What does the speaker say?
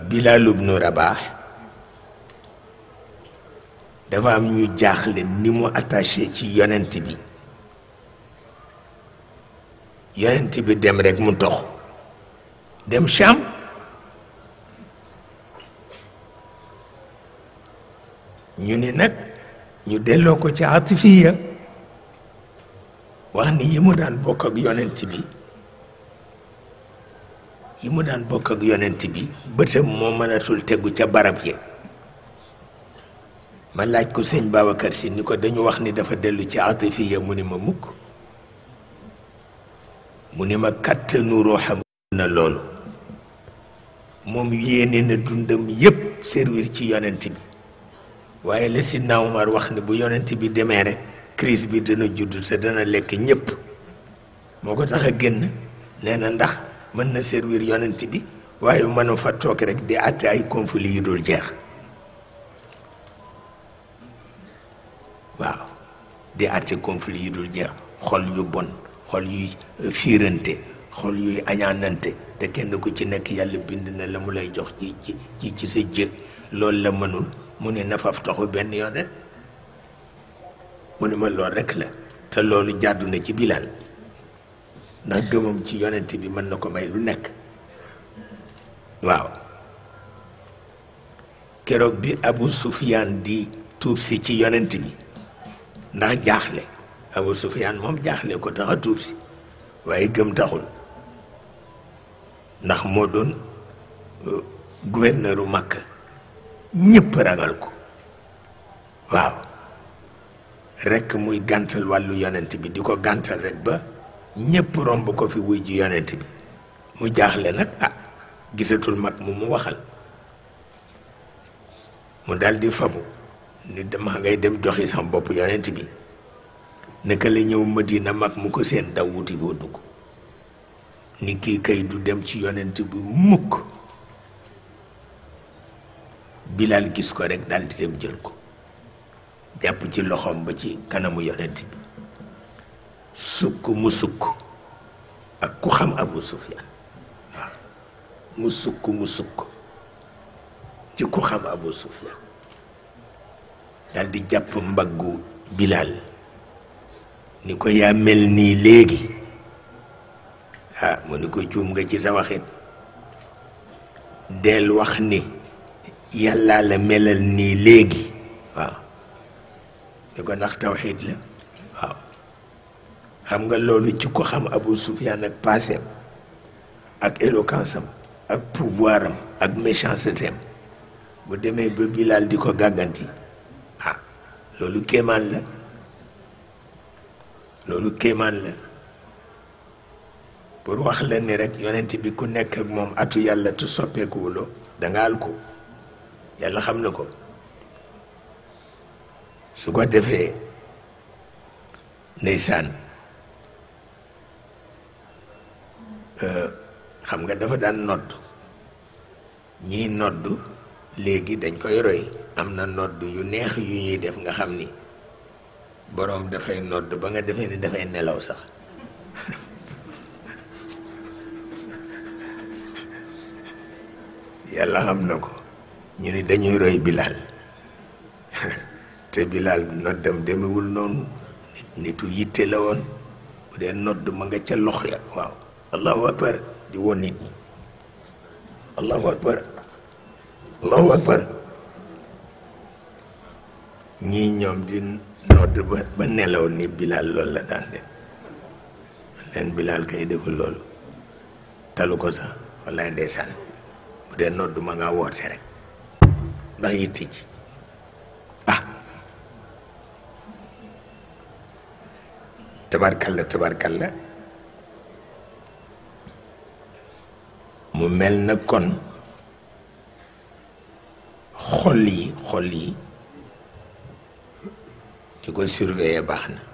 Bilaal ibnu Rabaax dafa am ñu jaaxle ni mu attaché ci yonent bi yonent bi dem rekk mu tox dem Sham ñu ni nag ñu delloo ko ci atifiya wax ni yi mu daan bokk ak yonent bi li mu daan bokk ak yonent bi bëtam moo mënatul tegu ca barab yi ma laaj ko sëñ Babacar si ni ko dañu wax ni dafa dellu ci atifiya mu ni ma mukk mu ni ma kàttanu ruuxam na loolu moom yéene na dundam yépp servir ci yonent bi waaye la Sidna Omar wax ni bu yonent bi demee rek crise bi dana judd te dana lekk ñépp moo ko tax a génn nee na ndax mën na serwiir yonent bi waaye mënu fa toog rek di àtte ay conflits yu dul jeex waaw di àtte conflits yu dul jeex xol yu bon xol yuy fiirante xol yuy añaanante te kenn ku ci nekk yàlla bind na la mu lay jox ci ci ci sa jë loolu la mënul mu ne nafaf taxu benn yoon rek mu ne ma lool rek la te loolu jàddu na ci bilaal ndax gëmam ci yonent bi mën na ko may lu nekk waaw keroog bi abu sufiyaan di tuub si ci yonent bi ndax jaaxle abu sufiyaan moom jaaxle ko tax a tuub si waaye gëm taxul ndax moo doon uh, gouverneuru Makka ñépp ragal ko waaw rekk muy gàntal wàllu yonent bi di ko gàntal rek ba ñépp romb ko fi wuy ji yonent bi mu jaaxle nag ah gisatul mag mu mu waxal mu daldi fabu ni dama ngay dem joxi sama bopp yonent bi naka la ñëw Madina mag mu ko seen daw wuti koo dugg ni kii kay du dem ci yonent bi mukk Bilal gis ko rek daldi dem jël ko jàpp ci loxoom ba ci kanamu yonent bi sukk mu sukk ak ku xam Abu Sufyaan waaw mu sukk mu sukk ci ku xam Abu Sufyaan dal di jàpp mbaggu Bilaal ni ko yaa mel nii léegi ah mu ni ko juum nga ci sa waxit del wax ni yàlla la melal nii léegi waaw ni ko ndax tawxiid la xam nga loolu ci ko xam Abu Sufyaan ak passé ak éloquence am ak pouvoir am ak méchanceté bu demee ba laal di ko gàgganti ah loolu kéemaan la loolu kéemaan la pour wax la ni rek yonent bi ku nekk ak moom atu yàlla te soppeekuwuloo danga al ko yàlla xam na ko su ko defee ndeysaan xam nga dafa daan nodd ñiy nodd léegi dañ koy roy am na nodd yu neex yu ñuy def nga xam ni boroom dafay nodd ba nga defee ni dafay nelaw sax yàlla xam na ko ñu ni dañuy roy bilaal te bilaal noddam demewul noonu nitu yitte la woon bu dee nodd ma nga ca lox ya waaw allahu akbar di woon nit ñi allahu akbar allahu akbar ñii ñoom di nodd ba nelaw ni bilaal loolu la daan def leen bilaal kay deful loolu talu ko sax wallaay ndeysaan bu dee nodd ma ngaa woote rek ndax yi tij ah tabarkalla tabarkalla mu mel na kon xol yi xol yi di ko surveiller baax na